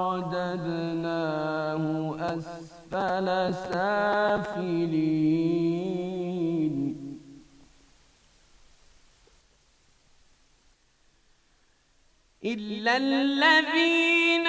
رددناه أسفل سافلين إلا الذين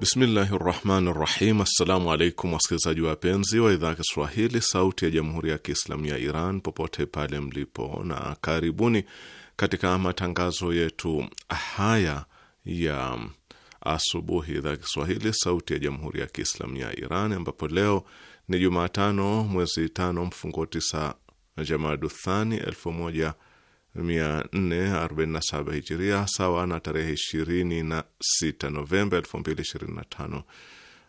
Bismillahi rahmani rahim. Assalamu alaikum wasikilizaji wapenzi wa idhaa ya Kiswahili sauti ya jamhuri ya Kiislamu ya Iran popote pale mlipo, na karibuni katika matangazo yetu haya ya asubuhi, idhaa ya Kiswahili sauti ya jamhuri ya Kiislamu ya Iran, ambapo leo ni Jumatano mwezi tano mfungo tisa Jamadu Thani elfu moja 447 hijiria sawa na tarehe 26 Novemba 2025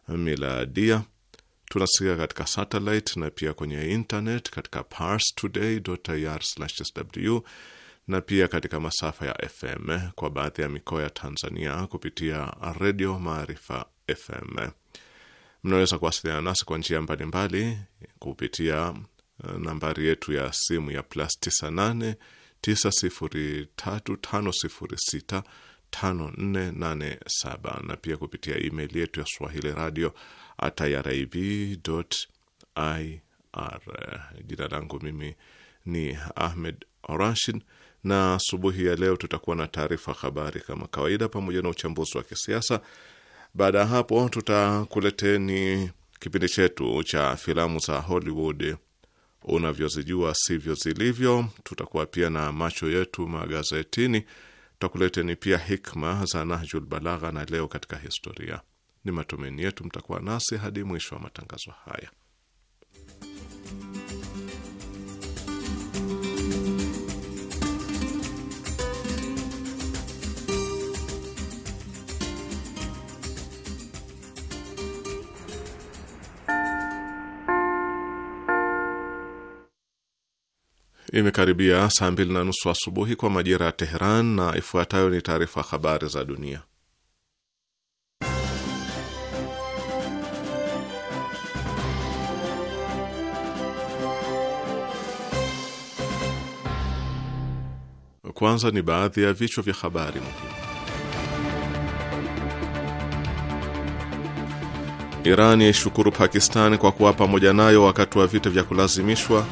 miladia. Tunasikika katika satellite na pia kwenye internet katika parstoday.ir/sw na pia katika masafa ya FM kwa baadhi ya mikoa ya Tanzania kupitia Redio Maarifa FM. Mnaweza kuwasiliana nasi kwa njia mbalimbali kupitia eh, nambari yetu ya simu ya plus 98 935065487 na pia kupitia email yetu ya swahili radio at Jina langu mimi ni Ahmed Rashid, na asubuhi ya leo tutakuwa na taarifa habari kama kawaida, pamoja na uchambuzi wa kisiasa. Baada ya hapo, tutakuleteni kipindi chetu cha filamu za Hollywood unavyozijua sivyo zilivyo. Tutakuwa pia na macho yetu magazetini, tutakuleteni pia hikma za Nahjul Balagha na leo katika historia. Ni matumaini yetu mtakuwa nasi hadi mwisho wa matangazo haya. Imekaribia saa mbili na nusu asubuhi kwa majira ya Teheran, na ifuatayo ni taarifa habari za dunia. Kwanza ni baadhi ya vichwa vya habari muhimu. Iran yaishukuru Pakistan kwa kuwa pamoja nayo wakati wa vita vya kulazimishwa.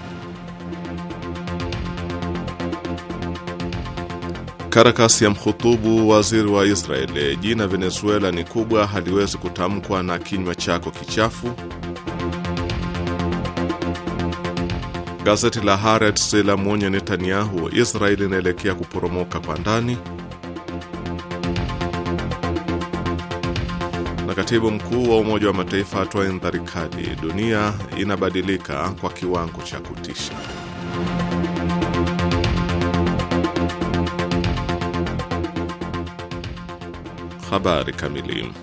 Karakasi ya mhutubu waziri wa Israeli, jina Venezuela ni kubwa, haliwezi kutamkwa na kinywa chako kichafu. Gazeti la Haaretz la mwonya Netanyahu, Israeli inaelekea kuporomoka kwa ndani. Na katibu mkuu wa Umoja wa Mataifa atoa indhari kali, dunia inabadilika kwa kiwango cha kutisha. Habari kamili.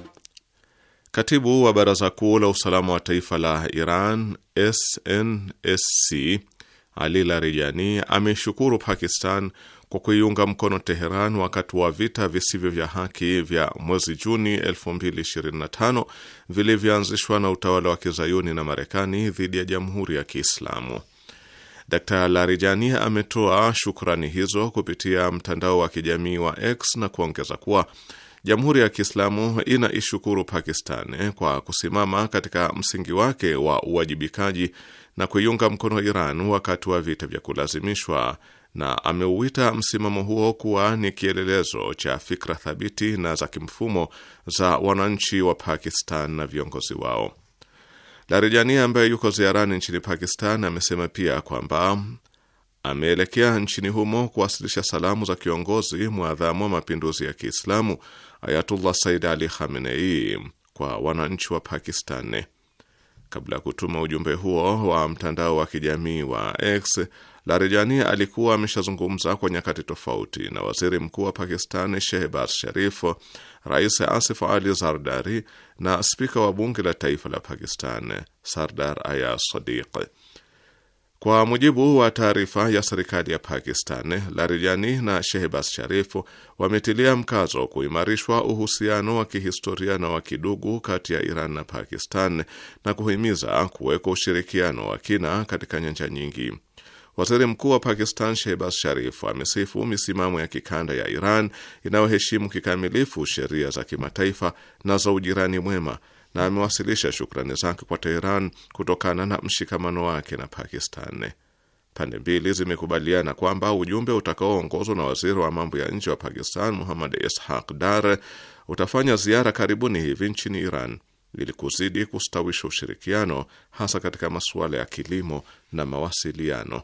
Katibu wa Baraza Kuu la Usalama wa Taifa la Iran SNSC Ali Larijani ameshukuru Pakistan kwa kuiunga mkono Teheran wakati wa vita visivyo vya haki vya mwezi Juni 2025 vilivyoanzishwa na utawala wa kizayuni na Marekani dhidi ya Jamhuri ya Kiislamu. Dr Larijani ametoa shukrani hizo kupitia mtandao wa kijamii wa X na kuongeza kuwa Jamhuri ya Kiislamu inaishukuru Pakistani kwa kusimama katika msingi wake wa uwajibikaji na kuiunga mkono Iran wakati wa vita vya kulazimishwa, na ameuita msimamo huo kuwa ni kielelezo cha fikra thabiti na za kimfumo za wananchi wa Pakistan na viongozi wao. Larijani ambaye yuko ziarani nchini Pakistan amesema pia kwamba ameelekea nchini humo kuwasilisha salamu za kiongozi mwadhamu wa mapinduzi ya Kiislamu Ayatullah Said Ali Khamenei kwa wananchi wa Pakistan. Kabla ya kutuma ujumbe huo wa mtandao wa kijamii wa X, Larijani alikuwa ameshazungumza kwa nyakati tofauti na waziri mkuu wa Pakistani Shehbaz Sharif, rais Asif Ali Zardari na spika wa bunge la taifa la Pakistan Sardar aya Sadiq. Kwa mujibu wa taarifa ya serikali ya Pakistan, Larijani na Shehbaz Sharifu wametilia mkazo kuimarishwa uhusiano wa kihistoria na wa kidugu kati ya Iran na Pakistan na kuhimiza kuwekwa ushirikiano wa kina katika nyanja nyingi. Waziri Mkuu wa Pakistan Shehbaz Sharif amesifu misimamo ya kikanda ya Iran inayoheshimu kikamilifu sheria za kimataifa na za ujirani mwema na amewasilisha shukrani zake kwa Teheran kutokana na mshikamano wake na Pakistan. Pande mbili zimekubaliana kwamba ujumbe utakaoongozwa na waziri wa mambo ya nje wa Pakistan Muhammad Ishaq Dar utafanya ziara karibuni hivi nchini Iran ili kuzidi kustawisha ushirikiano hasa katika masuala ya kilimo na mawasiliano.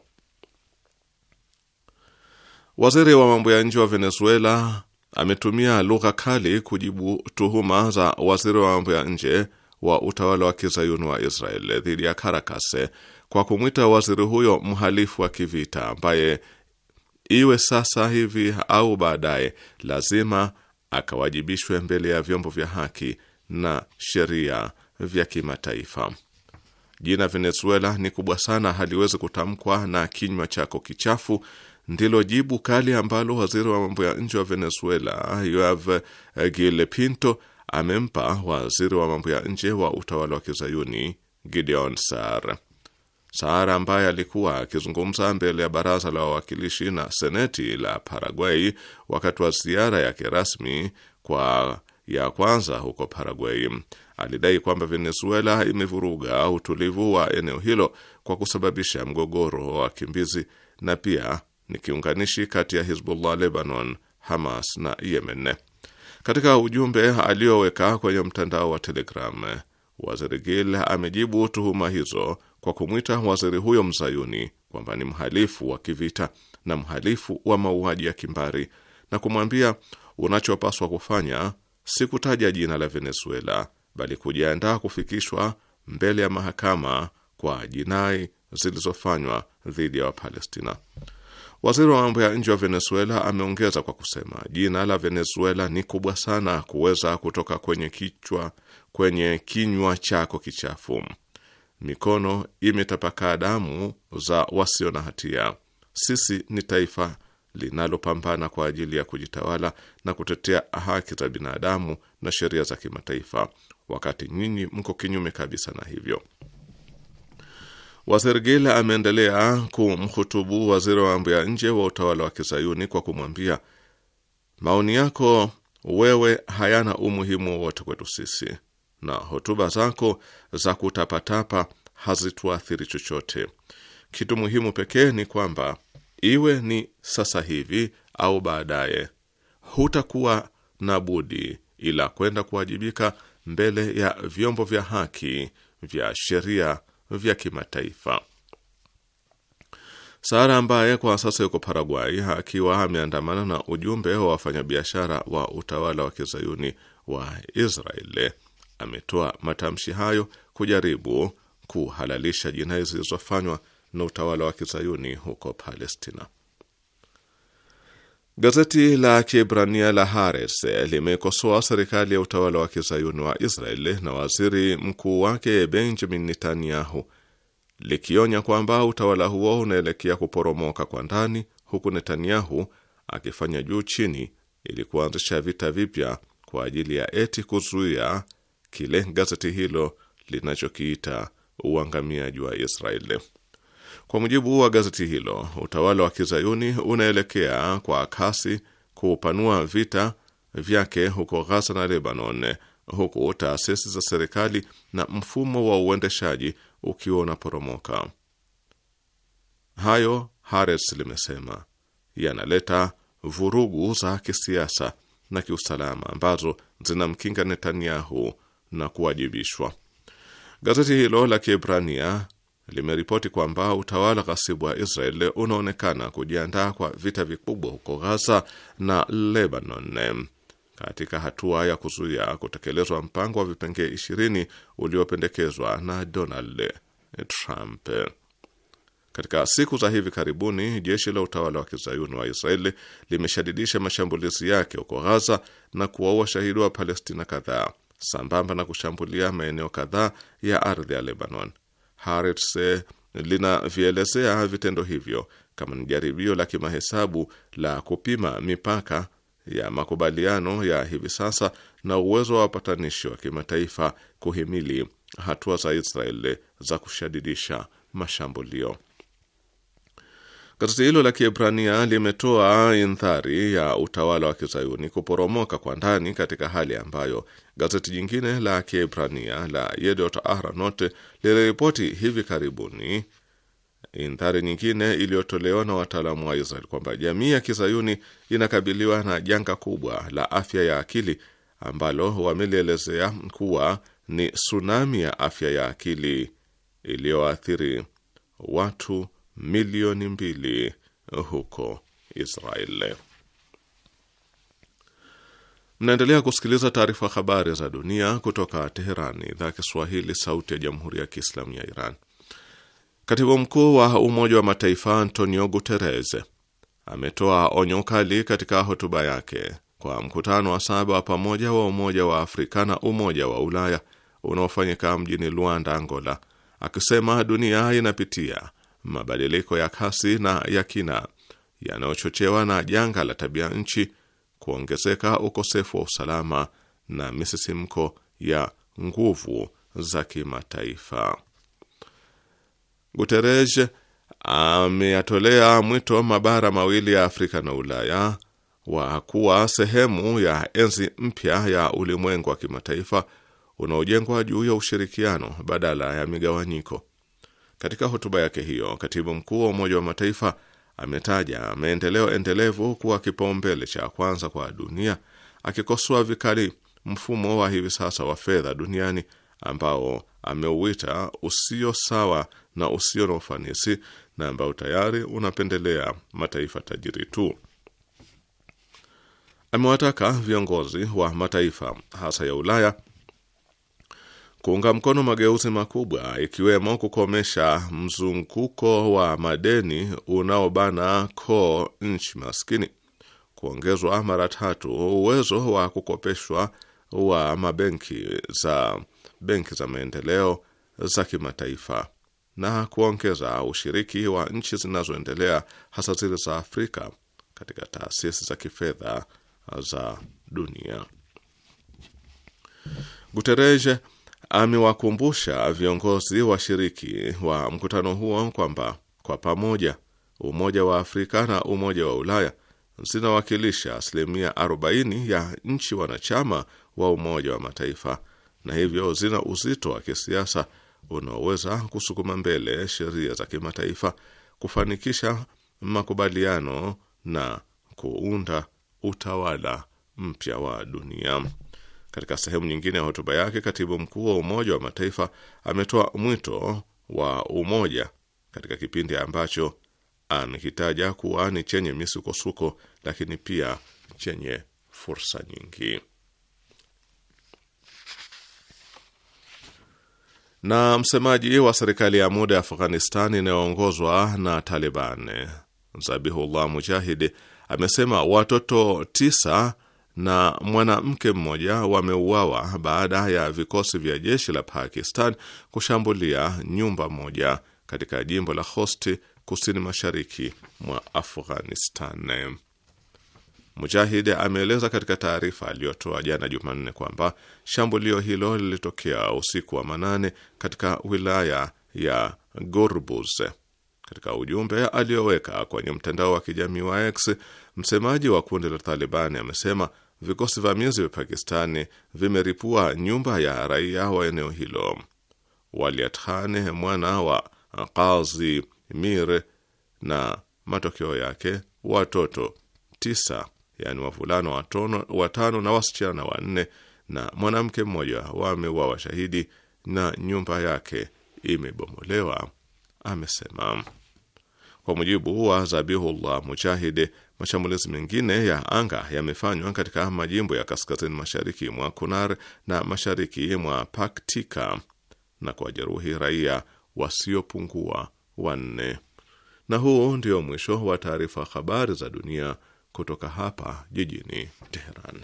Waziri wa mambo ya nje wa Venezuela ametumia lugha kali kujibu tuhuma za waziri wa mambo ya nje wa utawala wa kizayuni wa Israel dhidi ya Caracas kwa kumwita waziri huyo mhalifu wa kivita ambaye iwe sasa hivi au baadaye lazima akawajibishwe mbele ya vyombo vya haki na sheria vya kimataifa. Jina Venezuela ni kubwa sana, haliwezi kutamkwa na kinywa chako kichafu ndilo jibu kali ambalo waziri wa mambo ya nje wa Venezuela Joav gile Pinto amempa waziri wa mambo ya nje wa utawala wa kizayuni Gideon sar sar ambaye alikuwa akizungumza mbele ya baraza la wawakilishi na seneti la Paraguay wakati wa ziara yake rasmi kwa ya kwanza huko Paraguay alidai kwamba Venezuela imevuruga utulivu wa eneo hilo kwa kusababisha mgogoro wa wakimbizi na pia ni kiunganishi kati ya Hizbullah Lebanon, Hamas na Yemen. Katika ujumbe alioweka kwenye mtandao wa Telegram, waziri Gil amejibu tuhuma hizo kwa kumwita waziri huyo mzayuni kwamba ni mhalifu wa kivita na mhalifu wa mauaji ya kimbari na kumwambia unachopaswa kufanya si kutaja jina la Venezuela bali kujiandaa kufikishwa mbele ya mahakama kwa jinai zilizofanywa dhidi ya Wapalestina. Waziri wa mambo ya nje wa Venezuela ameongeza kwa kusema jina la Venezuela ni kubwa sana kuweza kutoka kwenye kichwa kwenye kinywa chako kichafu. Mikono imetapakaa damu za wasio na hatia. Sisi ni taifa linalopambana kwa ajili ya kujitawala na kutetea haki za binadamu na sheria za kimataifa, wakati nyinyi mko kinyume kabisa na hivyo waziri gila ameendelea kumhutubu waziri wa mambo ya nje wa utawala wa kizayuni kwa kumwambia, maoni yako wewe hayana umuhimu wowote kwetu sisi na hotuba zako za kutapatapa hazituathiri chochote. Kitu muhimu pekee ni kwamba iwe ni sasa hivi au baadaye, hutakuwa na budi ila kwenda kuwajibika mbele ya vyombo vya haki vya sheria vya kimataifa. Sara ambaye kwa sasa yuko Paraguay akiwa ameandamana na ujumbe wa wafanyabiashara wa utawala wa kizayuni wa Israeli ametoa matamshi hayo kujaribu kuhalalisha jinai zilizofanywa na utawala wa kizayuni huko Palestina. Gazeti la Kiebrania la hares limekosoa serikali ya utawala wa kizayuni wa Israel na waziri mkuu wake Benjamin Netanyahu, likionya kwamba utawala huo unaelekea kuporomoka kwa ndani, huku Netanyahu akifanya juu chini ili kuanzisha vita vipya kwa ajili ya eti kuzuia kile gazeti hilo linachokiita uangamiaji wa Israeli. Kwa mujibu wa gazeti hilo, utawala wa kizayuni unaelekea kwa kasi kupanua vita vyake huko ghaza na Lebanon, huku taasisi za serikali na mfumo wa uendeshaji ukiwa unaporomoka. Hayo, Hares limesema, yanaleta vurugu za kisiasa na kiusalama ambazo zinamkinga Netanyahu na kuwajibishwa. Gazeti hilo la Kiebrania limeripoti kwamba utawala ghasibu wa Israel unaonekana kujiandaa kwa vita vikubwa huko Ghaza na Lebanon. Katika hatua ya kuzuia kutekelezwa mpango wa vipengee ishirini uliopendekezwa na Donald Trump. Katika siku za hivi karibuni, jeshi la utawala wa kizayuni wa Israeli limeshadidisha mashambulizi yake huko Ghaza na kuwaua shahidi wa Palestina kadhaa sambamba na kushambulia maeneo kadhaa ya ardhi ya Lebanon. Haaretz eh, linavielezea vitendo hivyo kama ni jaribio la kimahesabu la kupima mipaka ya makubaliano ya hivi sasa na uwezo wa wapatanishi wa kimataifa kuhimili hatua za Israeli za kushadidisha mashambulio. Gazeti hilo la Kiebrania limetoa indhari ya utawala wa kizayuni kuporomoka kwa ndani katika hali ambayo gazeti jingine la Kiebrania la Yedot Ahronot liliripoti hivi karibuni indhari nyingine iliyotolewa na wataalamu wa Israel kwamba jamii ya kizayuni inakabiliwa na janga kubwa la afya ya akili ambalo wamelielezea kuwa ni tsunami ya afya ya akili iliyoathiri watu milioni mbili huko Israel. Mnaendelea kusikiliza taarifa habari za dunia kutoka teheran idhaa ya Kiswahili, sauti ya jamhuri ya kiislamu ya Iran. Katibu mkuu wa Umoja wa Mataifa Antonio Guterres ametoa onyo kali katika hotuba yake kwa mkutano wa saba wa pamoja wa Umoja wa Afrika na Umoja wa Ulaya unaofanyika mjini Luanda, Angola, akisema dunia inapitia mabadiliko ya kasi na ya kina yanayochochewa na janga la tabia nchi, kuongezeka ukosefu wa usalama na misisimko ya nguvu za kimataifa. Guterres ameyatolea mwito mabara mawili ya Afrika na Ulaya wa kuwa sehemu ya enzi mpya ya ulimwengu wa kimataifa unaojengwa juu ya ushirikiano badala ya migawanyiko. Katika hotuba yake hiyo, katibu mkuu wa Umoja wa Mataifa ametaja maendeleo endelevu kuwa kipaumbele cha kwanza kwa dunia, akikosoa vikali mfumo wa hivi sasa wa fedha duniani ambao ameuita usio sawa na usio na ufanisi na ambao tayari unapendelea mataifa tajiri tu. Amewataka viongozi wa mataifa hasa ya Ulaya kuunga mkono mageuzi makubwa ikiwemo kukomesha mzunguko wa madeni unaobana koo nchi maskini, kuongezwa mara tatu uwezo wa kukopeshwa wa mabenki za benki za maendeleo za kimataifa na kuongeza ushiriki wa nchi zinazoendelea hasa zile za Afrika katika taasisi za kifedha za dunia. Guterres amewakumbusha viongozi washiriki wa mkutano huo kwamba kwa pamoja Umoja wa Afrika na Umoja wa Ulaya zinawakilisha asilimia 40 ya nchi wanachama wa Umoja wa Mataifa na hivyo zina uzito wa kisiasa unaoweza kusukuma mbele sheria za kimataifa, kufanikisha makubaliano na kuunda utawala mpya wa dunia. Katika sehemu nyingine ya hotuba yake, katibu mkuu wa Umoja wa Mataifa ametoa mwito wa umoja katika kipindi ambacho amekitaja kuwa ni chenye misukosuko, lakini pia chenye fursa nyingi. Na msemaji wa serikali ya muda ya Afghanistan inayoongozwa na Taliban Zabihullah Mujahidi amesema watoto tisa na mwanamke mmoja wameuawa baada ya vikosi vya jeshi la Pakistan kushambulia nyumba moja katika jimbo la Khost kusini mashariki mwa Afghanistan. Mujahid ameeleza katika taarifa aliyotoa jana Jumanne kwamba shambulio hilo lilitokea usiku wa manane katika wilaya ya Gorbuz. Katika ujumbe aliyoweka kwenye mtandao wa kijamii wa X, Msemaji wa kundi la Talibani amesema vikosi vamizi vya Pakistani vimeripua nyumba ya raia wa eneo hilo. Waliat Khan mwana wa Qazi Mir na matokeo yake watoto tisa, yani wavulana watano na wasichana wanne na mwanamke mmoja wameuawa washahidi na nyumba yake imebomolewa, amesema. Kwa mujibu wa Zabihullah Mujahid, Mashambulizi mengine ya anga yamefanywa katika majimbo ya kaskazini mashariki mwa Kunar na mashariki mwa Paktika na kuwajeruhi raia wasiopungua wanne. Na huu ndio mwisho wa taarifa habari za dunia kutoka hapa jijini Teheran.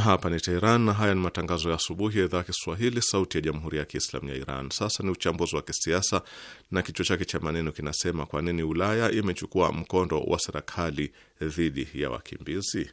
Hapa ni Teheran na haya ni matangazo ya asubuhi ya idhaa ya Kiswahili, sauti ya jamhuri ya kiislamu ya Iran. Sasa ni uchambuzi wa kisiasa na kichwa chake cha maneno kinasema: kwa nini Ulaya imechukua mkondo wa serikali dhidi ya wakimbizi?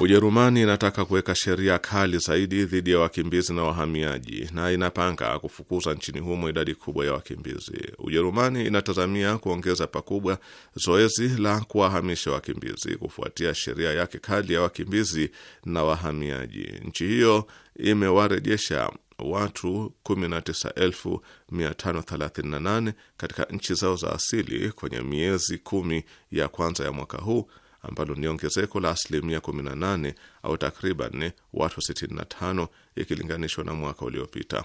Ujerumani inataka kuweka sheria kali zaidi dhidi ya wakimbizi na wahamiaji na inapanga kufukuza nchini humo idadi kubwa ya wakimbizi. Ujerumani inatazamia kuongeza pakubwa zoezi la kuwahamisha wakimbizi kufuatia sheria yake kali ya wakimbizi na wahamiaji. Nchi hiyo imewarejesha watu 19538 katika nchi zao za asili kwenye miezi kumi ya kwanza ya mwaka huu ambalo ni ongezeko la asilimia 18 au takriban watu 65 ikilinganishwa na mwaka uliopita.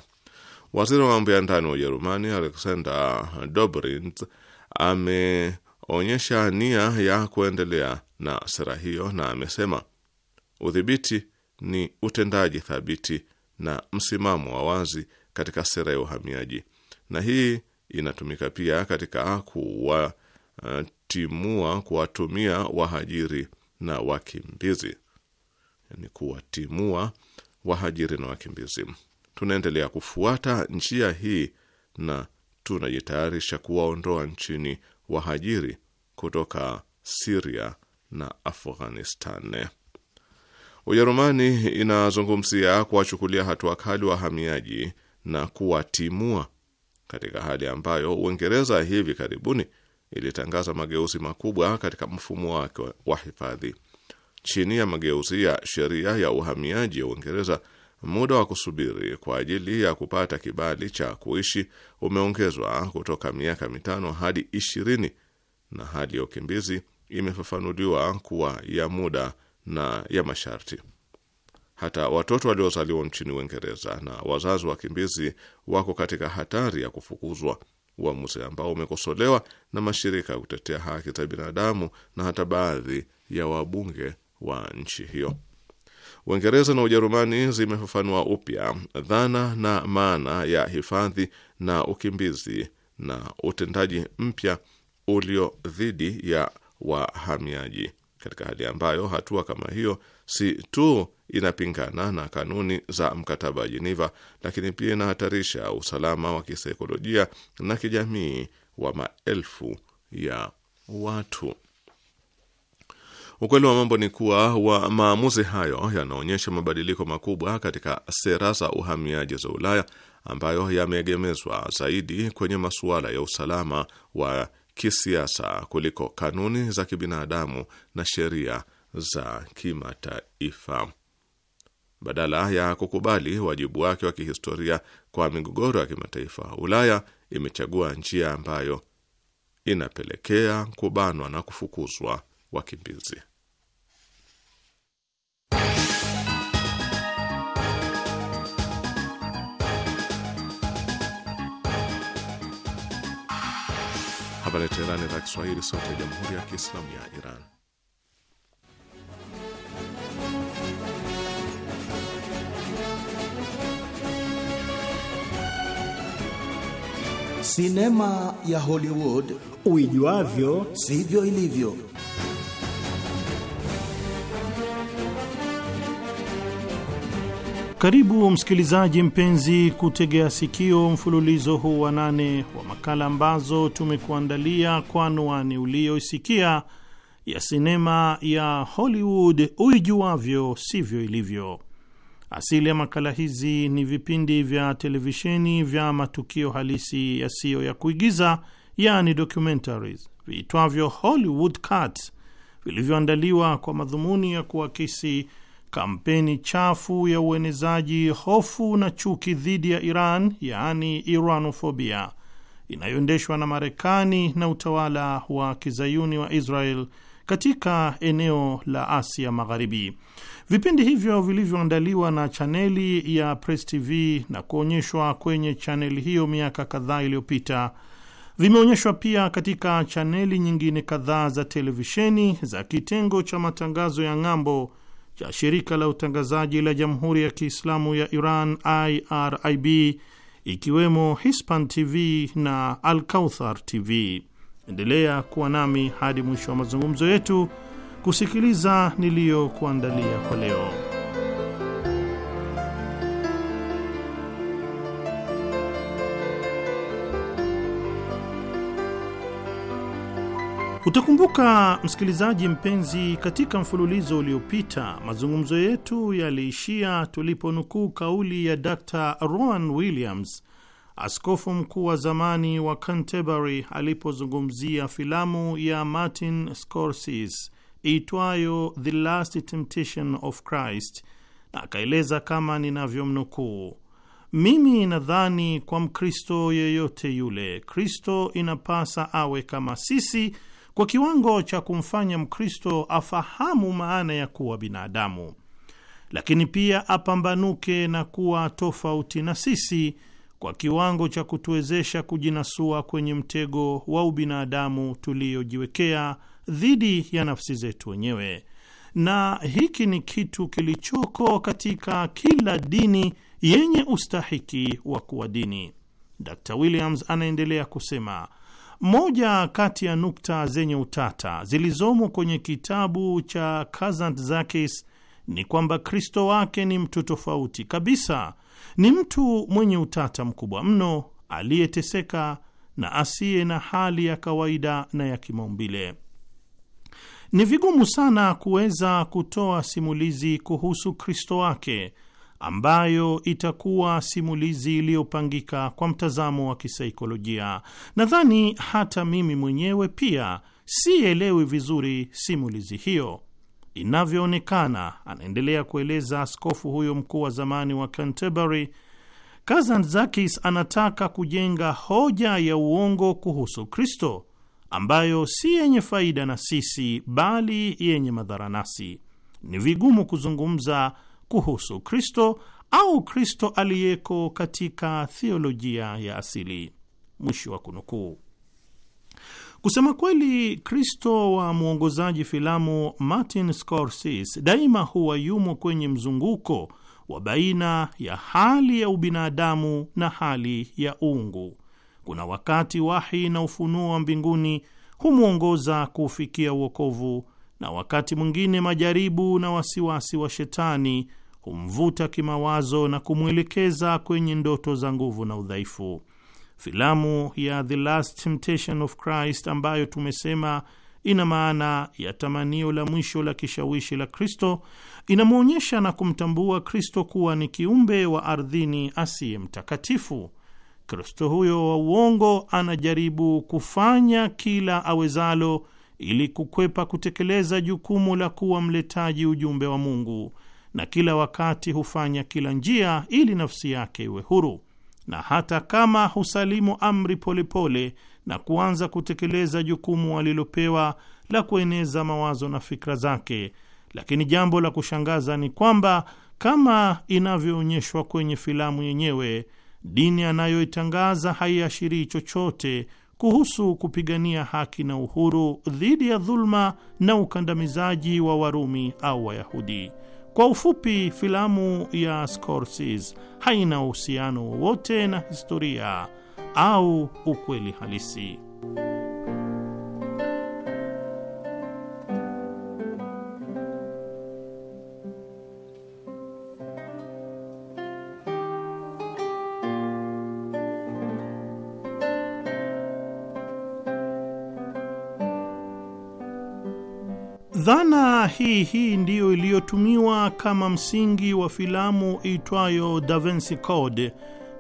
Waziri wa mambo ya ndani wa Ujerumani Alexander Dobrindt ameonyesha nia ya kuendelea na sera hiyo na amesema udhibiti ni utendaji thabiti na msimamo wa wazi katika sera ya uhamiaji, na hii inatumika pia katika kuwa kuwatimua, kuwatumia wahajiri na wakimbizi, yani kuwatimua wahajiri na wakimbizi. Tunaendelea kufuata njia hii na tunajitayarisha kuwaondoa nchini wahajiri kutoka Siria na Afghanistan. Ujerumani inazungumzia kuwachukulia hatua kali wahamiaji na kuwatimua katika hali ambayo Uingereza hivi karibuni ilitangaza mageuzi makubwa katika mfumo wake wa hifadhi. Chini ya mageuzi ya sheria ya uhamiaji ya Uingereza, muda wa kusubiri kwa ajili ya kupata kibali cha kuishi umeongezwa kutoka miaka mitano hadi ishirini na hali ya ukimbizi imefafanuliwa kuwa ya muda na ya masharti. Hata watoto waliozaliwa nchini Uingereza na wazazi wakimbizi wako katika hatari ya kufukuzwa uamuzi ambao umekosolewa na mashirika ya kutetea haki za binadamu na hata baadhi ya wabunge wa nchi hiyo. Uingereza na Ujerumani zimefafanua upya dhana na maana ya hifadhi na ukimbizi na utendaji mpya ulio dhidi ya wahamiaji, katika hali ambayo hatua kama hiyo si tu inapingana na kanuni za mkataba wa Jeniva, lakini pia inahatarisha usalama wa kisaikolojia na kijamii wa maelfu ya watu. Ukweli wa mambo ni kuwa wa maamuzi hayo yanaonyesha mabadiliko makubwa katika sera za uhamiaji za Ulaya ambayo yameegemezwa zaidi kwenye masuala ya usalama wa kisiasa kuliko kanuni za kibinadamu na sheria za kimataifa badala ya kukubali wajibu wake wa kihistoria kwa migogoro ya kimataifa, Ulaya imechagua njia ambayo inapelekea kubanwa na kufukuzwa wakimbizi. Hapa ni Teherani, idhaa Kiswahili, sauti ya jamhuri ya kiislamu ya Iran. Sinema ya Hollywood uijuavyo sivyo ilivyo. Karibu msikilizaji mpenzi kutegea sikio mfululizo huu wa nane wa makala ambazo tumekuandalia kwa anwani uliyoisikia ya sinema ya Hollywood uijuavyo sivyo ilivyo. Asili ya makala hizi ni vipindi vya televisheni vya matukio halisi yasiyo ya kuigiza, yani documentaries, viitwavyo Hollywood Cut, vilivyoandaliwa kwa madhumuni ya kuakisi kampeni chafu ya uenezaji hofu na chuki dhidi ya Iran, yaani Iranofobia, inayoendeshwa na Marekani na utawala wa kizayuni wa Israel katika eneo la Asia Magharibi. Vipindi hivyo vilivyoandaliwa na chaneli ya Press TV na kuonyeshwa kwenye chaneli hiyo miaka kadhaa iliyopita vimeonyeshwa pia katika chaneli nyingine kadhaa za televisheni za kitengo cha matangazo ya ng'ambo cha shirika la utangazaji la Jamhuri ya Kiislamu ya Iran IRIB ikiwemo Hispan TV na Alkauthar TV. Endelea kuwa nami hadi mwisho wa mazungumzo yetu kusikiliza niliyokuandalia kwa leo. Utakumbuka msikilizaji mpenzi, katika mfululizo uliopita mazungumzo yetu yaliishia tuliponukuu kauli ya Dr. Rowan Williams, askofu mkuu wa zamani wa Canterbury, alipozungumzia filamu ya Martin Scorsese iitwayo The Last Temptation of Christ, na akaeleza kama ninavyomnukuu: mimi nadhani kwa Mkristo yeyote yule, Kristo inapasa awe kama sisi kwa kiwango cha kumfanya Mkristo afahamu maana ya kuwa binadamu, lakini pia apambanuke na kuwa tofauti na sisi kwa kiwango cha kutuwezesha kujinasua kwenye mtego wa ubinadamu tuliyojiwekea dhidi ya nafsi zetu wenyewe, na hiki ni kitu kilichoko katika kila dini yenye ustahiki wa kuwa dini. Dr Williams anaendelea kusema moja kati ya nukta zenye utata zilizomo kwenye kitabu cha Kazantzakis ni kwamba Kristo wake ni mtu tofauti kabisa, ni mtu mwenye utata mkubwa mno, aliyeteseka na asiye na hali ya kawaida na ya kimaumbile. Ni vigumu sana kuweza kutoa simulizi kuhusu Kristo wake ambayo itakuwa simulizi iliyopangika kwa mtazamo wa kisaikolojia. Nadhani hata mimi mwenyewe pia sielewi vizuri simulizi hiyo. Inavyoonekana, anaendelea kueleza askofu huyo mkuu wa zamani wa Canterbury, Kazantzakis anataka kujenga hoja ya uongo kuhusu Kristo ambayo si yenye faida na sisi bali yenye madhara nasi. Ni vigumu kuzungumza kuhusu Kristo au Kristo aliyeko katika theolojia ya asili. Mwisho wa kunukuu. Kusema kweli, Kristo wa mwongozaji filamu Martin Scorsese daima huwa yumo kwenye mzunguko wa baina ya hali ya ubinadamu na hali ya uungu kuna wakati wahi na ufunuo wa mbinguni humwongoza kuufikia uokovu, na wakati mwingine majaribu na wasiwasi wa shetani humvuta kimawazo na kumwelekeza kwenye ndoto za nguvu na udhaifu. Filamu ya The Last Temptation of Christ ambayo tumesema ina maana ya tamanio la mwisho la kishawishi la Kristo, inamwonyesha na kumtambua Kristo kuwa ni kiumbe wa ardhini asiye mtakatifu Kristo huyo wa uongo anajaribu kufanya kila awezalo ili kukwepa kutekeleza jukumu la kuwa mletaji ujumbe wa Mungu, na kila wakati hufanya kila njia ili nafsi yake iwe huru, na hata kama husalimu amri polepole pole, na kuanza kutekeleza jukumu alilopewa la kueneza mawazo na fikra zake. Lakini jambo la kushangaza ni kwamba kama inavyoonyeshwa kwenye filamu yenyewe Dini anayoitangaza haiashirii chochote kuhusu kupigania haki na uhuru dhidi ya dhuluma na ukandamizaji wa Warumi au Wayahudi. Kwa ufupi, filamu ya Scorsese haina uhusiano wowote na historia au ukweli halisi. Dhana hii hii ndiyo iliyotumiwa kama msingi wa filamu itwayo Da Vinci Code.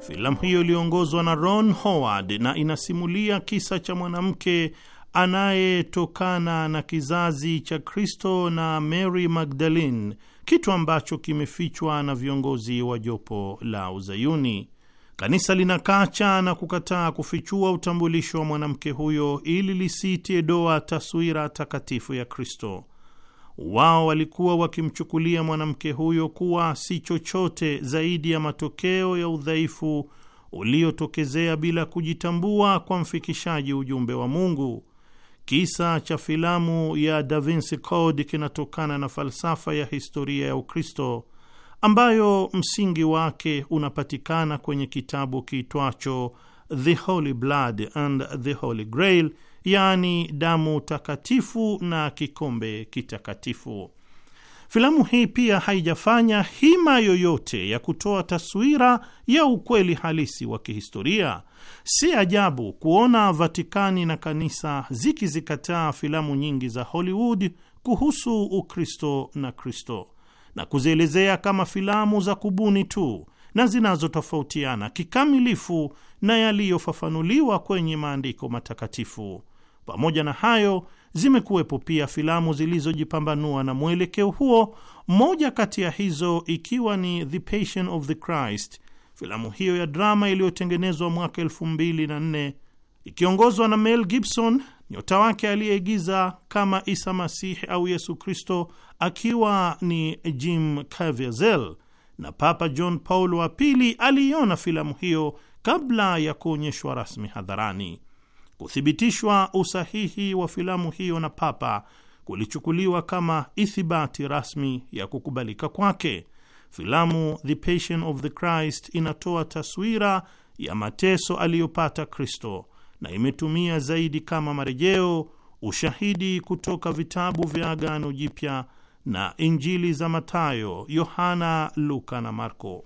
Filamu hiyo iliongozwa na Ron Howard na inasimulia kisa cha mwanamke anayetokana na kizazi cha Kristo na Mary Magdalene, kitu ambacho kimefichwa na viongozi wa jopo la Uzayuni. Kanisa linakacha na kukataa kufichua utambulisho wa mwanamke huyo ili lisiitie doa taswira takatifu ya Kristo wao walikuwa wakimchukulia mwanamke huyo kuwa si chochote zaidi ya matokeo ya udhaifu uliotokezea bila kujitambua kwa mfikishaji ujumbe wa Mungu. Kisa cha filamu ya Da Vinci Code kinatokana na falsafa ya historia ya Ukristo ambayo msingi wake unapatikana kwenye kitabu kiitwacho The Holy Blood and the Holy Grail yaani damu takatifu na kikombe kitakatifu. Filamu hii pia haijafanya hima yoyote ya kutoa taswira ya ukweli halisi wa kihistoria. Si ajabu kuona Vatikani na kanisa zikizikataa filamu nyingi za Hollywood kuhusu Ukristo na Kristo na kuzielezea kama filamu za kubuni tu na zinazotofautiana kikamilifu na yaliyofafanuliwa kwenye maandiko matakatifu. Pamoja na hayo, zimekuwepo pia filamu zilizojipambanua na mwelekeo huo, moja kati ya hizo ikiwa ni The Passion of the Christ. Filamu hiyo ya drama iliyotengenezwa mwaka elfu mbili na nne ikiongozwa na Mel Gibson, nyota wake aliyeigiza kama Isa Masihi au Yesu Kristo akiwa ni Jim Caviezel, na Papa John Paul wa pili aliiona filamu hiyo kabla ya kuonyeshwa rasmi hadharani. Kuthibitishwa usahihi wa filamu hiyo na Papa kulichukuliwa kama ithibati rasmi ya kukubalika kwake. Filamu The Passion of the Christ inatoa taswira ya mateso aliyopata Kristo na imetumia zaidi kama marejeo ushahidi kutoka vitabu vya Agano Jipya na Injili za Mathayo, Yohana, Luka na Marko.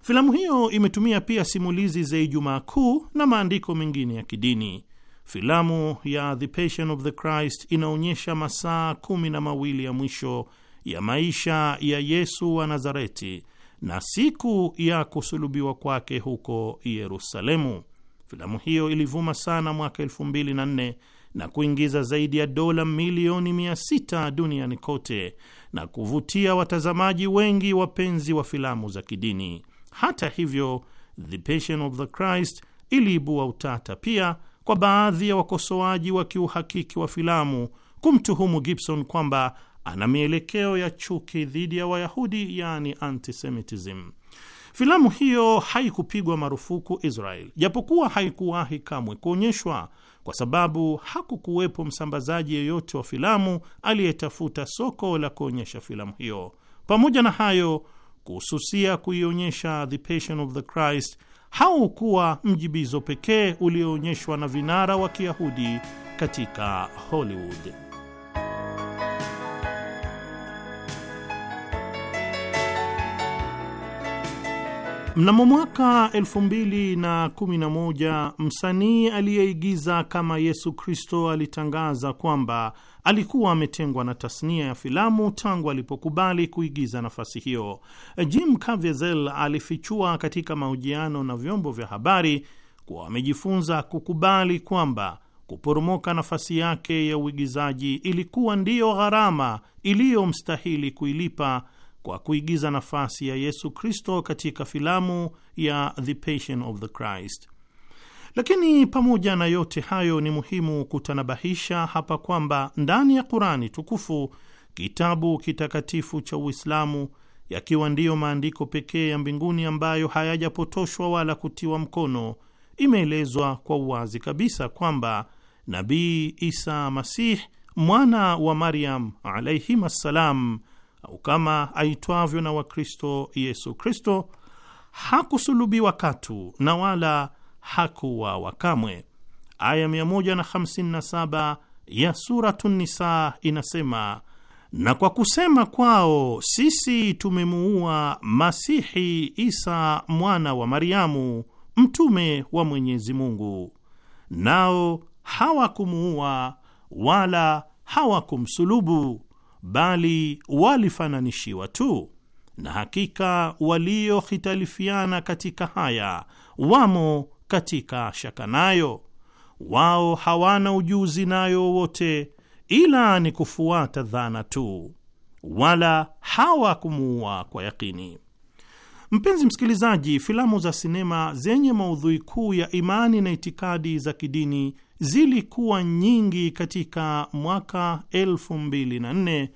Filamu hiyo imetumia pia simulizi za Ijumaa Kuu na maandiko mengine ya kidini. Filamu ya The Passion of the Christ inaonyesha masaa kumi na mawili ya mwisho ya maisha ya Yesu wa Nazareti na siku ya kusulubiwa kwake huko Yerusalemu. Filamu hiyo ilivuma sana mwaka elfu mbili na nne na kuingiza zaidi ya dola milioni mia sita duniani kote na kuvutia watazamaji wengi wapenzi wa filamu za kidini. Hata hivyo, The Passion of the Christ iliibua utata pia kwa baadhi ya wakosoaji wa kiuhakiki wa filamu kumtuhumu Gibson kwamba ana mielekeo ya chuki dhidi ya Wayahudi, yani antisemitism. Filamu hiyo haikupigwa marufuku Israel, japokuwa haikuwahi kamwe kuonyeshwa kwa sababu hakukuwepo msambazaji yeyote wa filamu aliyetafuta soko la kuonyesha filamu hiyo. Pamoja na hayo, kuhususia kuionyesha The Passion of the Christ haukuwa mjibizo pekee ulioonyeshwa na vinara wa Kiyahudi katika Hollywood. Mnamo mwaka 2011 msanii aliyeigiza kama Yesu Kristo alitangaza kwamba alikuwa ametengwa na tasnia ya filamu tangu alipokubali kuigiza nafasi hiyo. Jim Caviezel alifichua katika mahojiano na vyombo vya habari kuwa amejifunza kukubali kwamba kuporomoka nafasi yake ya uigizaji ilikuwa ndiyo gharama iliyomstahili kuilipa kwa kuigiza nafasi ya Yesu Kristo katika filamu ya The Passion of the Christ. Lakini pamoja na yote hayo, ni muhimu kutanabahisha hapa kwamba ndani ya qurani tukufu, kitabu kitakatifu cha Uislamu, yakiwa ndiyo maandiko pekee ya mbinguni ambayo hayajapotoshwa wala kutiwa mkono, imeelezwa kwa uwazi kabisa kwamba Nabii Isa Masih mwana wa Maryam alaihim assalam, au kama aitwavyo na Wakristo Yesu Kristo, hakusulubiwa katu na wala hakuwa wakamwe. Aya 157 ya Suratu Nisaa inasema, na kwa kusema kwao sisi tumemuua Masihi Isa mwana wa Mariamu, mtume wa Mwenyezi Mungu, nao hawakumuua wala hawakumsulubu, bali walifananishiwa tu, na hakika waliohitalifiana katika haya wamo katika shaka nayo, wao hawana ujuzi nayo wowote, ila ni kufuata dhana tu, wala hawakumuua kwa yakini. Mpenzi msikilizaji, filamu za sinema zenye maudhui kuu ya imani na itikadi za kidini zilikuwa nyingi katika mwaka 2004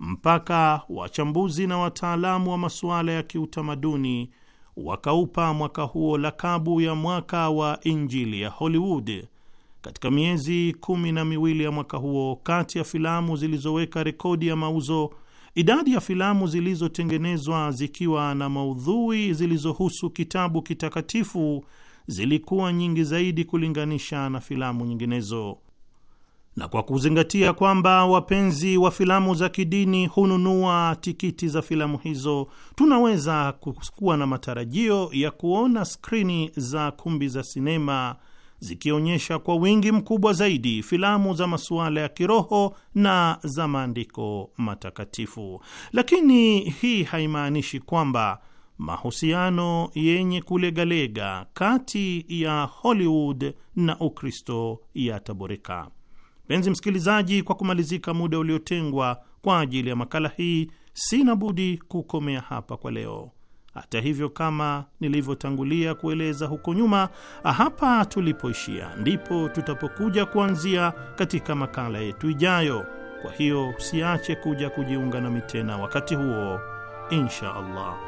mpaka wachambuzi na wataalamu wa masuala ya kiutamaduni wakaupa mwaka huo lakabu ya mwaka wa Injili ya Hollywood. Katika miezi kumi na miwili ya mwaka huo, kati ya filamu zilizoweka rekodi ya mauzo, idadi ya filamu zilizotengenezwa zikiwa na maudhui zilizohusu kitabu kitakatifu zilikuwa nyingi zaidi kulinganisha na filamu nyinginezo na kwa kuzingatia kwamba wapenzi wa filamu za kidini hununua tikiti za filamu hizo, tunaweza kuwa na matarajio ya kuona skrini za kumbi za sinema zikionyesha kwa wingi mkubwa zaidi filamu za masuala ya kiroho na za maandiko matakatifu. Lakini hii haimaanishi kwamba mahusiano yenye kulegalega kati ya Hollywood na Ukristo yataboreka. Mpenzi msikilizaji, kwa kumalizika muda uliotengwa kwa ajili ya makala hii, sina budi kukomea hapa kwa leo. Hata hivyo, kama nilivyotangulia kueleza huko nyuma, hapa tulipoishia ndipo tutapokuja kuanzia katika makala yetu ijayo. Kwa hiyo usiache kuja kujiunga nami tena wakati huo, insha Allah.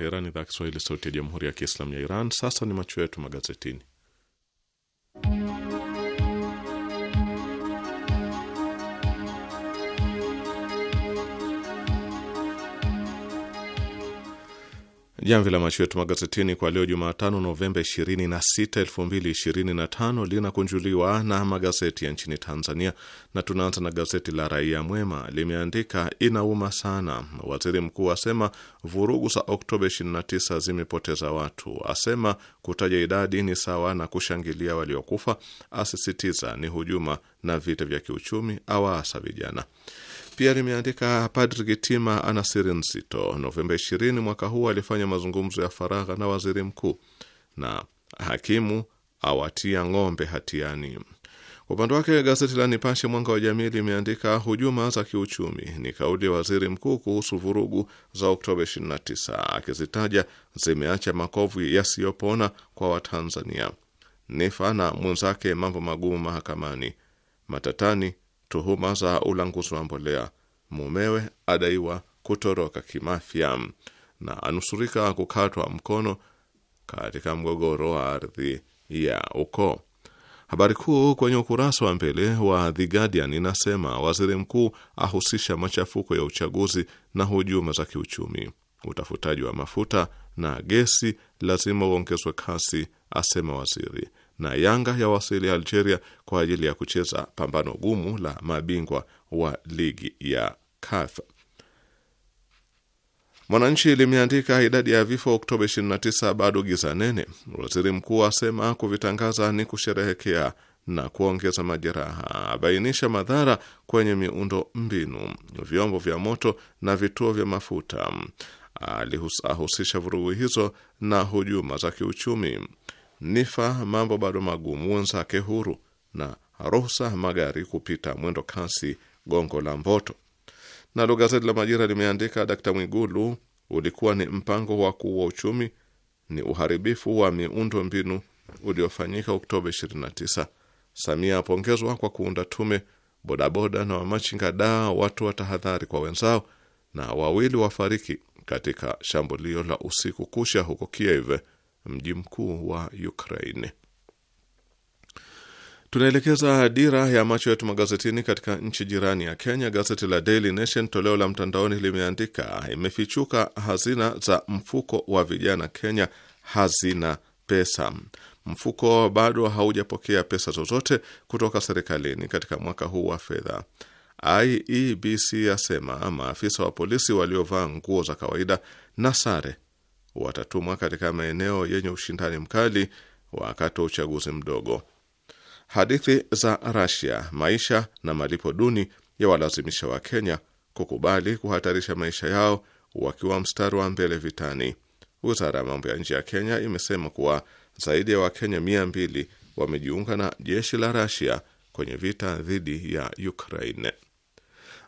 Teherani, idhaa Kiswahili, sauti ya jamhuri ya kiislamu ya Iran. Sasa ni macho yetu magazetini. Jamvi la macho yetu magazetini kwa leo Jumatano, Novemba 26, 2025 linakunjuliwa na magazeti ya nchini Tanzania, na tunaanza na gazeti la Raia Mwema. Limeandika inauma sana, waziri mkuu asema vurugu za Oktoba 29 zimepoteza watu, asema kutaja idadi ni sawa na kushangilia waliokufa, asisitiza ni hujuma na vita vya kiuchumi, awaasa vijana pia limeandika Padri Gitima ana siri nzito. Novemba 20 mwaka huu alifanya mazungumzo ya faragha na waziri mkuu, na hakimu awatia ng'ombe hatiani. Kwa upande wake gazeti la Nipashe Mwanga wa Jamii limeandika hujuma za kiuchumi ni kauli ya waziri mkuu kuhusu vurugu za Oktoba 29, akizitaja zimeacha makovu yasiyopona kwa Watanzania. Nifa na mwenzake mambo magumu mahakamani, matatani tuhuma za ulanguzi wa mbolea, mumewe adaiwa kutoroka kimafya na anusurika kukatwa mkono katika mgogoro wa ardhi ya ukoo. Habari kuu kwenye ukurasa wa mbele wa The Guardian inasema waziri mkuu ahusisha machafuko ya uchaguzi na hujuma za kiuchumi. Utafutaji wa mafuta na gesi lazima uongezwe kasi, asema waziri na Yanga yawasili Algeria kwa ajili ya kucheza pambano gumu la mabingwa wa ligi ya CAF. Mwananchi limeandika idadi ya vifo Oktoba 29 bado giza nene. Waziri mkuu asema kuvitangaza ni kusherehekea na kuongeza majeraha, abainisha madhara kwenye miundo mbinu, vyombo vya moto na vituo vya mafuta. Alihusisha vurugu hizo na hujuma za kiuchumi nifa mambo bado magumu, wenzake huru na ruhusa magari kupita mwendo kasi gongo la Mboto. Nalo gazeti la Majira limeandika Dkt Mwigulu, ulikuwa ni mpango wa kuua uchumi, ni uharibifu wa miundo mbinu uliofanyika Oktoba 29. Samia apongezwa kwa kuunda tume. Bodaboda na wamachinga daa watu wa tahadhari kwa wenzao, na wawili wafariki katika shambulio la usiku kucha huko Kiev mji mkuu wa Ukraine. Tunaelekeza dira ya macho yetu magazetini katika nchi jirani ya Kenya. Gazeti la Daily Nation toleo la mtandaoni limeandika imefichuka hazina za mfuko wa vijana Kenya hazina pesa. Mfuko bado haujapokea pesa zozote kutoka serikalini katika mwaka huu wa fedha. IEBC yasema maafisa wa polisi waliovaa nguo za kawaida na sare watatumwa katika maeneo yenye ushindani mkali wakati wa uchaguzi mdogo. Hadithi za Rasia, maisha na malipo duni ya walazimisha wa kenya kukubali kuhatarisha maisha yao wakiwa mstari wa mbele vitani. Wizara ya mambo ya nje ya Kenya imesema kuwa zaidi ya Wakenya mia mbili wamejiunga na jeshi la Rasia kwenye vita dhidi ya Ukraine.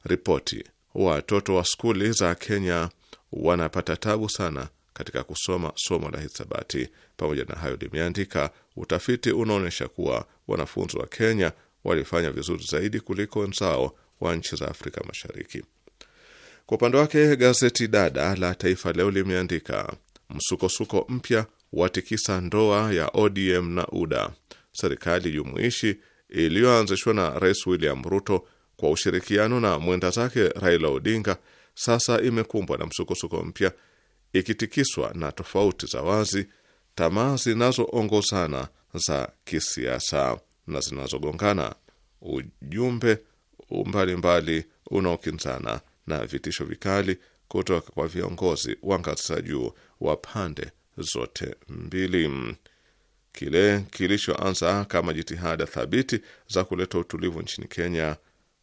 Ripoti: watoto wa skuli za Kenya wanapata tabu sana katika kusoma somo la hisabati. Pamoja na hayo, limeandika utafiti unaonyesha kuwa wanafunzi wa Kenya walifanya vizuri zaidi kuliko wenzao wa nchi za Afrika Mashariki. Kwa upande wake, gazeti dada la Taifa Leo limeandika msukosuko mpya watikisa ndoa ya ODM na UDA. Serikali jumuishi iliyoanzishwa na Rais William Ruto kwa ushirikiano na mwenda zake Raila Odinga sasa imekumbwa na msukosuko mpya ikitikiswa na tofauti za wazi, tamaa zinazoongozana za kisiasa na zinazogongana, ujumbe mbalimbali unaokinzana na vitisho vikali kutoka kwa viongozi wa ngazi za juu wa pande zote mbili. Kile kilichoanza kama jitihada thabiti za kuleta utulivu nchini Kenya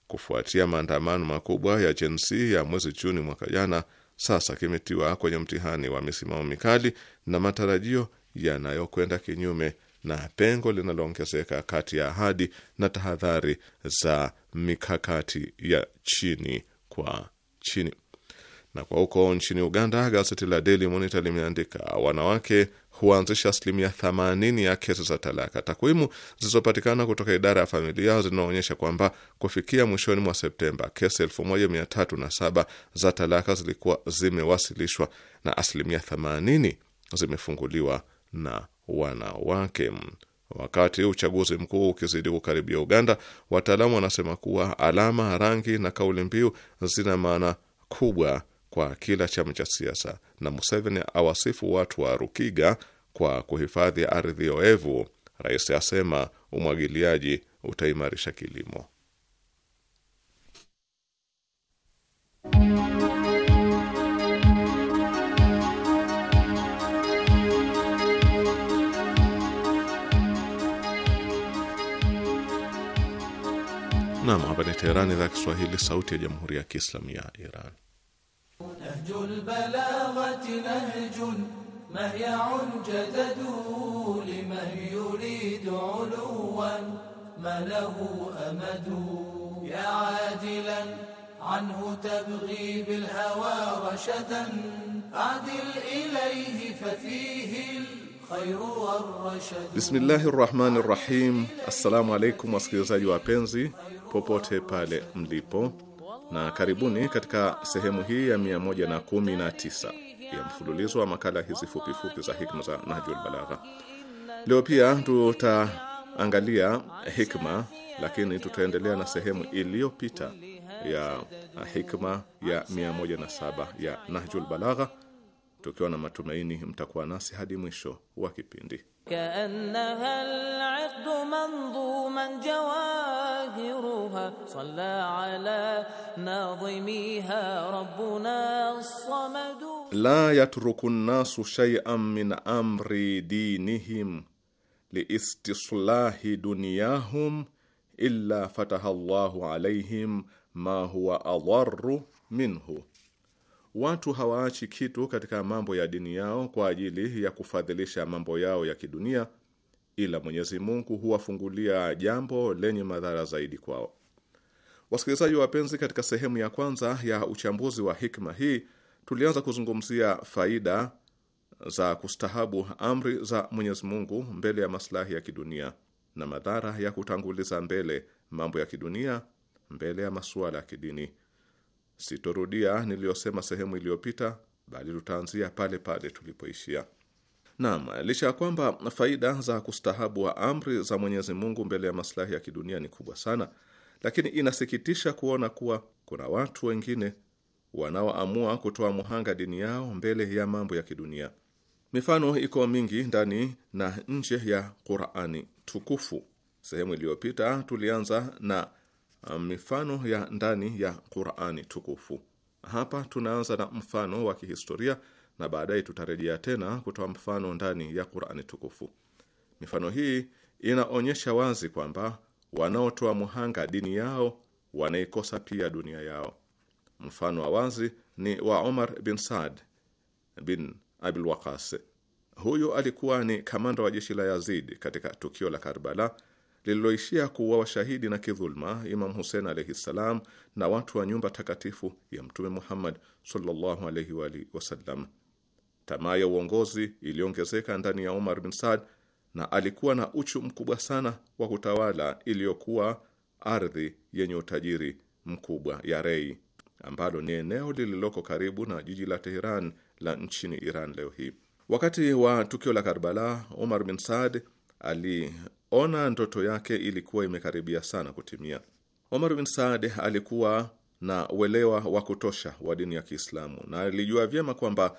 kufuatia maandamano makubwa ya Gen Z ya mwezi Juni mwaka jana sasa kimetiwa kwenye mtihani wa misimamo mikali na matarajio yanayokwenda kinyume na pengo linaloongezeka kati ya ahadi na tahadhari za mikakati ya chini kwa chini. Na kwa huko nchini Uganda, gazeti la Daily Monitor limeandika wanawake huanzisha asilimia 80 ya kesi za talaka. Takwimu zilizopatikana kutoka idara ya familia zinaonyesha kwamba kufikia mwishoni mwa Septemba, kesi 1307 za talaka zilikuwa zimewasilishwa na asilimia 80 zimefunguliwa na wanawake. Wakati uchaguzi mkuu ukizidi kukaribia Uganda, wataalamu wanasema kuwa alama, rangi na kauli mbiu zina maana kubwa kwa kila chama cha siasa, na Museveni awasifu watu wa Rukiga kwa kuhifadhi ardhi oevu. Rais asema umwagiliaji utaimarisha kilimo. Nam, hapa ni Teherani, idhaa Kiswahili, sauti ya jamhuri ya kiislamu ya Iran. نهج البلاغة نهج مهيع جدده لمن يريد علوا ما له أمد يا عادلا عنه تبغي بالهوى رشدا أعدل إليه ففيه الخير والرشد بسم الله الرحمن الرحيم السلام عليكم wasikilizaji wapenzi popote pale mlipo na karibuni katika sehemu hii ya 119 ya mfululizo wa makala hizi fupifupi za hikma za Nahjul Balagha. Leo pia tutaangalia hikma, lakini tutaendelea na sehemu iliyopita ya hikma ya 107 ya Nahjul Balagha tukiwa na matumaini mtakuwa nasi hadi mwisho wa kipindi. La yatruku nnasu shaian min amri dinihim liistislahi dunyahum illa fataha llahu alaihim ma huwa adharu minhu watu hawaachi kitu katika mambo ya dini yao kwa ajili ya kufadhilisha mambo yao ya kidunia, ila Mwenyezi Mungu huwafungulia jambo lenye madhara zaidi kwao. Wasikilizaji wapenzi, katika sehemu ya kwanza ya uchambuzi wa hikma hii tulianza kuzungumzia faida za kustahabu amri za Mwenyezi Mungu mbele ya maslahi ya kidunia na madhara ya kutanguliza mbele mambo ya kidunia mbele ya masuala ya kidini. Sitorudia niliyosema sehemu iliyopita, bali tutaanzia pale pale tulipoishia. Naam, licha ya kwamba faida za kustahabu wa amri za Mwenyezi Mungu mbele ya maslahi ya kidunia ni kubwa sana, lakini inasikitisha kuona kuwa kuna watu wengine wanaoamua kutoa muhanga dini yao mbele ya mambo ya kidunia. Mifano iko mingi ndani na nje ya Qur'ani tukufu. Sehemu iliyopita tulianza na Ah, mifano ya ndani ya Qur'ani tukufu. Hapa tunaanza na mfano wa kihistoria na baadaye tutarejea tena kutoa mfano ndani ya Qur'ani tukufu. Mifano hii inaonyesha wazi kwamba wanaotoa muhanga dini yao wanaikosa pia dunia yao. Mfano wa wazi ni wa Omar bin Saad bin Abil Waqas. Huyu alikuwa ni kamanda wa jeshi la Yazid katika tukio la Karbala lililoishia kuwa washahidi na kidhulma Imam Husein alaihi ssalam na watu wa nyumba takatifu ya Mtume Muhammad sallallahu alaihi wa alihi wasallam. Tamaa ya uongozi iliongezeka ndani ya Omar bin Saad na alikuwa na uchu mkubwa sana wa kutawala iliyokuwa ardhi yenye utajiri mkubwa ya Rei, ambalo ni eneo lililoko karibu na jiji la Teheran la nchini Iran leo hii. Wakati wa tukio la Karbala, Omar bin Saad ali ona ndoto yake ilikuwa imekaribia sana kutimia. Omar bin Saad alikuwa na uelewa wa kutosha wa dini ya Kiislamu na alijua vyema kwamba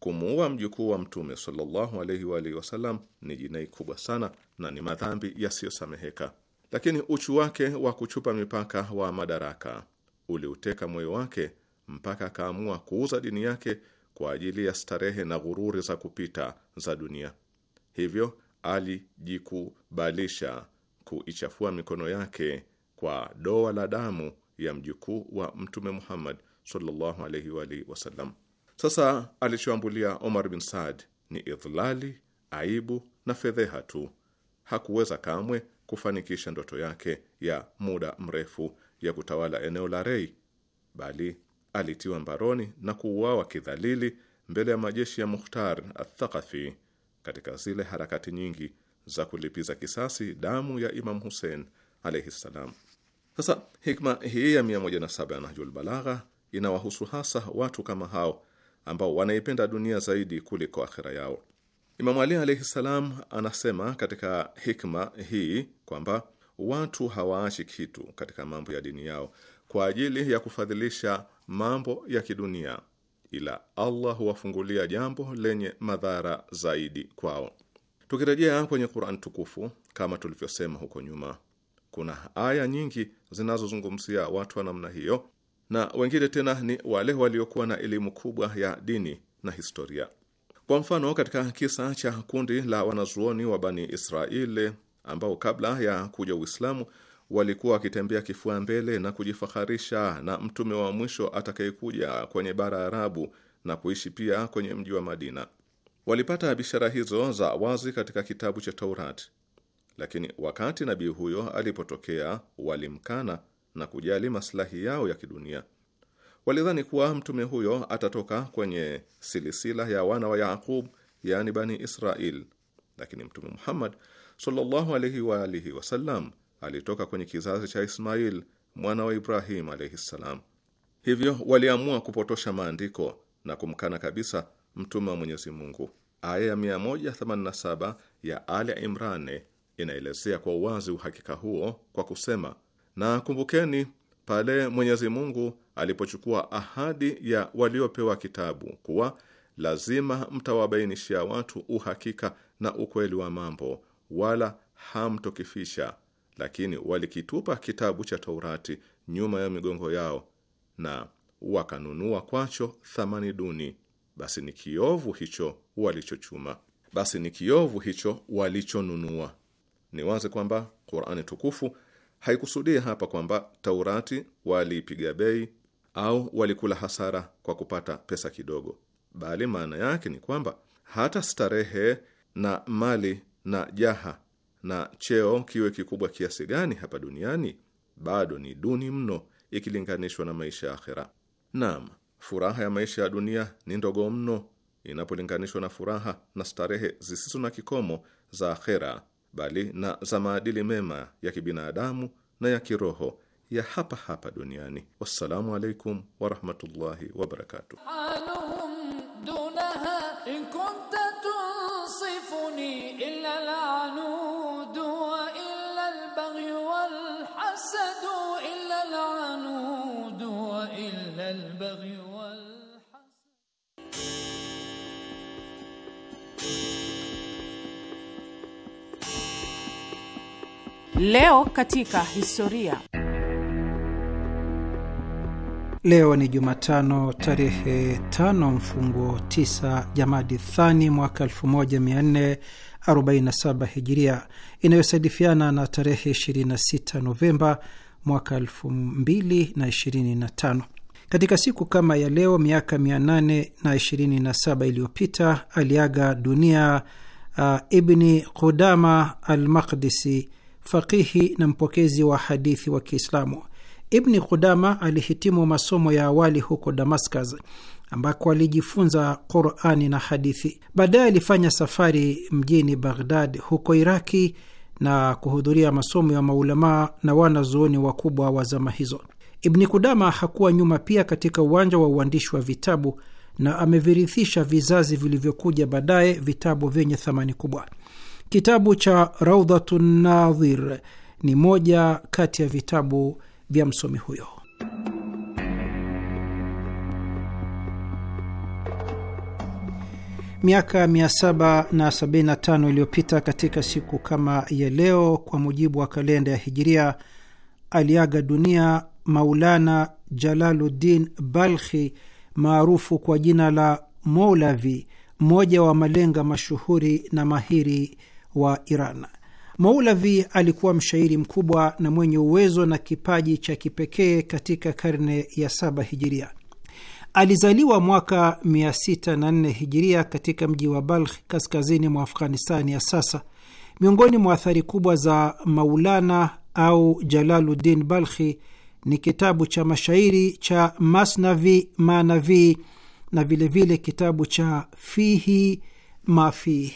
kumuua mjukuu wa Mtume sallallahu alaihi wa alihi wasallam ni jinai kubwa sana na ni madhambi yasiyosameheka, lakini uchu wake wa kuchupa mipaka wa madaraka uliuteka moyo wake mpaka akaamua kuuza dini yake kwa ajili ya starehe na ghururi za kupita za dunia. Hivyo alijikubalisha kuichafua mikono yake kwa doa la damu ya mjukuu wa Mtume Muhammad sallallahu alaihi wa alihi wasallam. Sasa alichoambulia Omar bin Saad ni idhlali, aibu na fedheha tu. Hakuweza kamwe kufanikisha ndoto yake ya muda mrefu ya kutawala eneo la Rei, bali alitiwa mbaroni na kuuawa kidhalili mbele ya majeshi ya Mukhtar Athaqafi katika zile harakati nyingi za kulipiza kisasi damu ya Imam Hussein alaihi ssalam. Sasa hikma hii ya 107 ya Nahjul Balagha inawahusu hasa watu kama hao ambao wanaipenda dunia zaidi kuliko akhira yao. Imamu Ali alaihi ssalam anasema katika hikma hii kwamba watu hawaachi kitu katika mambo ya dini yao kwa ajili ya kufadhilisha mambo ya kidunia ila Allah huwafungulia jambo lenye madhara zaidi kwao. Tukirejea kwenye Qur'an tukufu, kama tulivyosema huko nyuma, kuna aya nyingi zinazozungumzia watu wa namna hiyo, na wengine tena ni wale waliokuwa na elimu kubwa ya dini na historia. Kwa mfano, katika kisa cha kundi la wanazuoni wa Bani Israeli ambao kabla ya kuja Uislamu walikuwa wakitembea kifua mbele na kujifaharisha na mtume wa mwisho atakayekuja kwenye bara Arabu na kuishi pia kwenye mji wa Madina. Walipata bishara hizo za wazi katika kitabu cha Taurati, lakini wakati nabii huyo alipotokea walimkana na kujali maslahi yao ya kidunia. Walidhani kuwa mtume huyo atatoka kwenye silisila ya wana wa Yaqub, yani Bani Israil, lakini Mtume Muhammad sallallahu alaihi wa alihi wasallam alitoka kwenye kizazi cha Ismail mwana wa Ibrahim alaihi ssalam. Hivyo waliamua kupotosha maandiko na kumkana kabisa mtume wa Mwenyezi Mungu. Aya ya 187 ya Ali Imrane inaelezea kwa uwazi uhakika huo kwa kusema, na kumbukeni pale Mwenyezi Mungu alipochukua ahadi ya waliopewa kitabu kuwa lazima mtawabainishia watu uhakika na ukweli wa mambo, wala hamtokifisha lakini walikitupa kitabu cha Taurati nyuma ya migongo yao na wakanunua kwacho thamani duni. Basi ni kiovu hicho walichochuma, basi ni kiovu hicho walichonunua. Ni wazi kwamba Qur'ani tukufu haikusudia hapa kwamba Taurati waliipiga bei au walikula hasara kwa kupata pesa kidogo, bali maana yake ni kwamba hata starehe na mali na jaha na cheo kiwe kikubwa kiasi gani hapa duniani, bado ni duni mno ikilinganishwa na maisha ya akhera. Naam, furaha ya maisha ya dunia ni ndogo mno inapolinganishwa na furaha na starehe zisizo na kikomo za akhera, bali na za maadili mema ya kibinadamu na ya kiroho ya hapa hapa duniani. Wassalamu alaikum warahmatullahi wabarakatuh. Leo katika historia. Leo ni Jumatano tarehe tano mfungo tisa Jamadi Thani mwaka 1447 Hijiria, inayosadifiana na tarehe 26 Novemba mwaka 2025. Katika siku kama ya leo miaka 827 iliyopita aliaga dunia uh, Ibni Qudama al Maqdisi, faqihi na mpokezi wa hadithi wa Kiislamu. Ibni Qudama alihitimu masomo ya awali huko Damascus ambako alijifunza Qurani na hadithi. Baadaye alifanya safari mjini Baghdad huko Iraki na kuhudhuria masomo ya maulamaa na wanazuoni wakubwa wa zama hizo. Ibni Kudama hakuwa nyuma pia katika uwanja wa uandishi wa vitabu na amevirithisha vizazi vilivyokuja baadaye vitabu vyenye thamani kubwa. Kitabu cha Raudhatu Nadhir ni moja kati ya vitabu vya msomi huyo. Miaka 775 iliyopita katika siku kama ya leo, kwa mujibu wa kalenda ya Hijiria, aliaga dunia Maulana Jalaluddin Balkhi maarufu kwa jina la Molavi, mmoja wa malenga mashuhuri na mahiri wa Iran. Moulavi alikuwa mshairi mkubwa na mwenye uwezo na kipaji cha kipekee katika karne ya saba hijiria. Alizaliwa mwaka 604 hijiria katika mji wa Balkh kaskazini mwa Afghanistani ya sasa. Miongoni mwa athari kubwa za Maulana au Jalaluddin Balkhi ni kitabu cha mashairi cha Masnavi Manavi na vilevile vile kitabu cha Fihi Mafihi.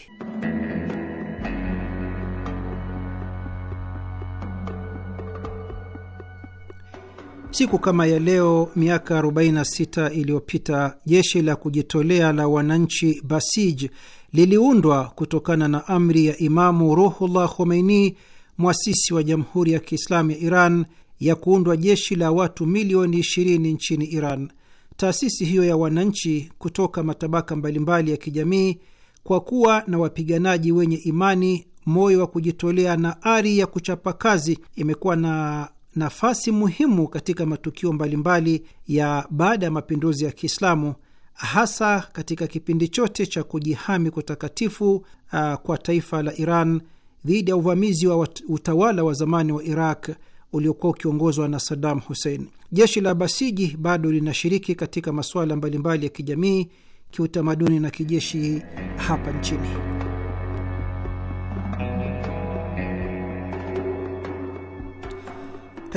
Siku kama ya leo miaka 46 iliyopita jeshi la kujitolea la wananchi Basij liliundwa kutokana na amri ya Imamu Ruhullah Khomeini, mwasisi wa Jamhuri ya Kiislamu ya Iran, ya kuundwa jeshi la watu milioni 20 nchini Iran. Taasisi hiyo ya wananchi kutoka matabaka mbalimbali ya kijamii, kwa kuwa na wapiganaji wenye imani, moyo wa kujitolea na ari ya kuchapa kazi, imekuwa na nafasi muhimu katika matukio mbalimbali ya baada ya mapinduzi ya Kiislamu, hasa katika kipindi chote cha kujihami kutakatifu uh, kwa taifa la Iran dhidi ya uvamizi wa utawala wa zamani wa Iraq uliokuwa ukiongozwa na Saddam Hussein. Jeshi la Basiji bado linashiriki katika masuala mbalimbali ya kijamii, kiutamaduni na kijeshi hapa nchini.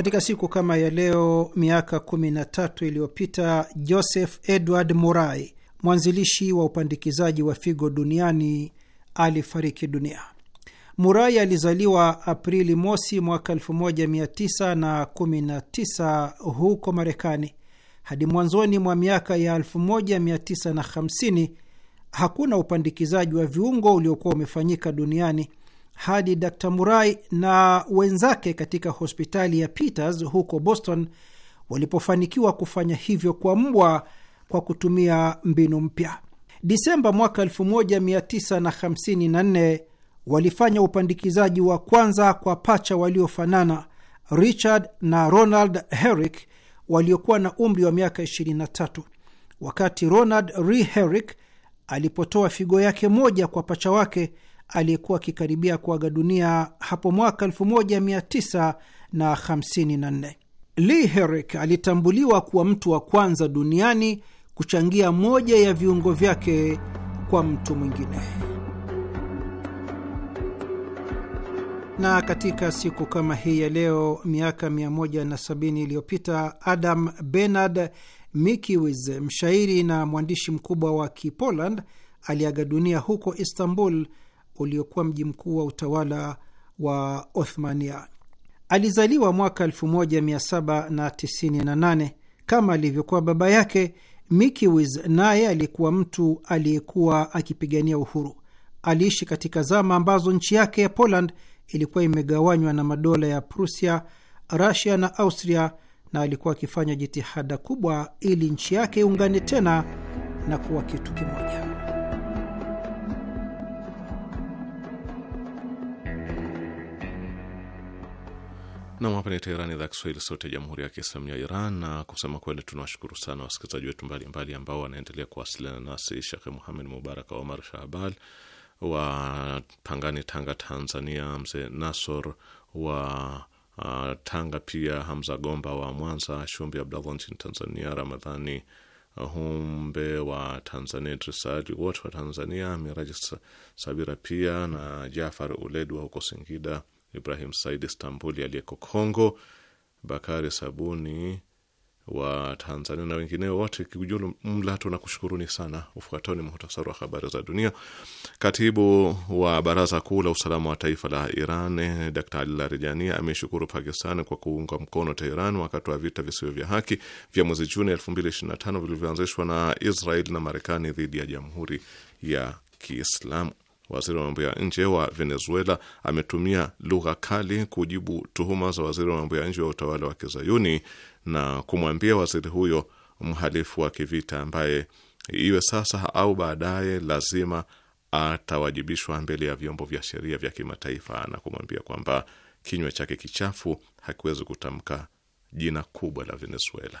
Katika siku kama ya leo miaka 13 iliyopita Joseph Edward murai mwanzilishi wa upandikizaji wa figo duniani, alifariki dunia. Murai alizaliwa Aprili mosi mwaka 1919 huko Marekani. Hadi mwanzoni mwa miaka ya 1950 hakuna upandikizaji wa viungo uliokuwa umefanyika duniani hadi d Murai na wenzake katika hospitali ya Peters huko Boston, walipofanikiwa kufanya hivyo kwa mbwa kwa kutumia mbinu mpya. Disemba mwaka 1954 walifanya upandikizaji wa kwanza kwa pacha waliofanana Richard na Ronald Herrick waliokuwa na umri wa miaka 23, wakati Ronald r Herrick alipotoa figo yake moja kwa pacha wake aliyekuwa akikaribia kuaga dunia hapo mwaka 1954. Lee Herrick alitambuliwa kuwa mtu wa kwanza duniani kuchangia moja ya viungo vyake kwa mtu mwingine. Na katika siku kama hii ya leo miaka 170 iliyopita Adam Bernard Mickiewicz, mshairi na mwandishi mkubwa wa Kipoland, aliaga dunia huko Istanbul uliokuwa mji mkuu wa utawala wa Othmania. Alizaliwa mwaka 1798 kama alivyokuwa baba yake. Mikiwis, naye alikuwa mtu aliyekuwa akipigania uhuru. Aliishi katika zama ambazo nchi yake ya Poland ilikuwa imegawanywa na madola ya Prusia, Rusia na Austria, na alikuwa akifanya jitihada kubwa ili nchi yake iungane tena na kuwa kitu kimoja. Nam, hapa ni Teherani, idhaa Kiswahili, sauti ya jamhuri ya kiislamu ya Iran. Na kusema kweli, tunawashukuru sana wasikilizaji wetu mbalimbali ambao wanaendelea kuwasiliana nasi. Shekhe Muhamed Mubarak Omar Shahbal wa Pangani, Tanga, Tanzania, mzee Nasor wa uh, Tanga, pia Hamza Gomba wa Mwanza, Shumbi Abdallah nchini Tanzania, Ramadhani uh, Humbe wa Tanzania, Idrisali wote wa Tanzania, Miraji Sabira pia na Jafar uledwa huko Singida Ibrahim Said Istambuli aliyeko Kongo, Bakari Sabuni wa Tanzania na wengineo wote. Kiujumla tunakushukuruni sana. Ufuatao ni muhtasari wa habari za dunia. Katibu wa Baraza Kuu la Usalama wa Taifa la Iran d Ali Larijani ameshukuru Pakistan kwa kuunga mkono Teheran wakati wa vita visivyo vya haki vya mwezi Juni 2025 vilivyoanzishwa na Israel na Marekani dhidi ya Jamhuri ya Kiislamu. Waziri wa mambo ya nje wa Venezuela ametumia lugha kali kujibu tuhuma za waziri wa mambo ya nje wa utawala wa kizayuni na kumwambia waziri huyo mhalifu wa kivita ambaye iwe sasa au baadaye lazima atawajibishwa mbele ya vyombo vya sheria vya kimataifa na kumwambia kwamba kinywa chake kichafu hakiwezi kutamka jina kubwa la Venezuela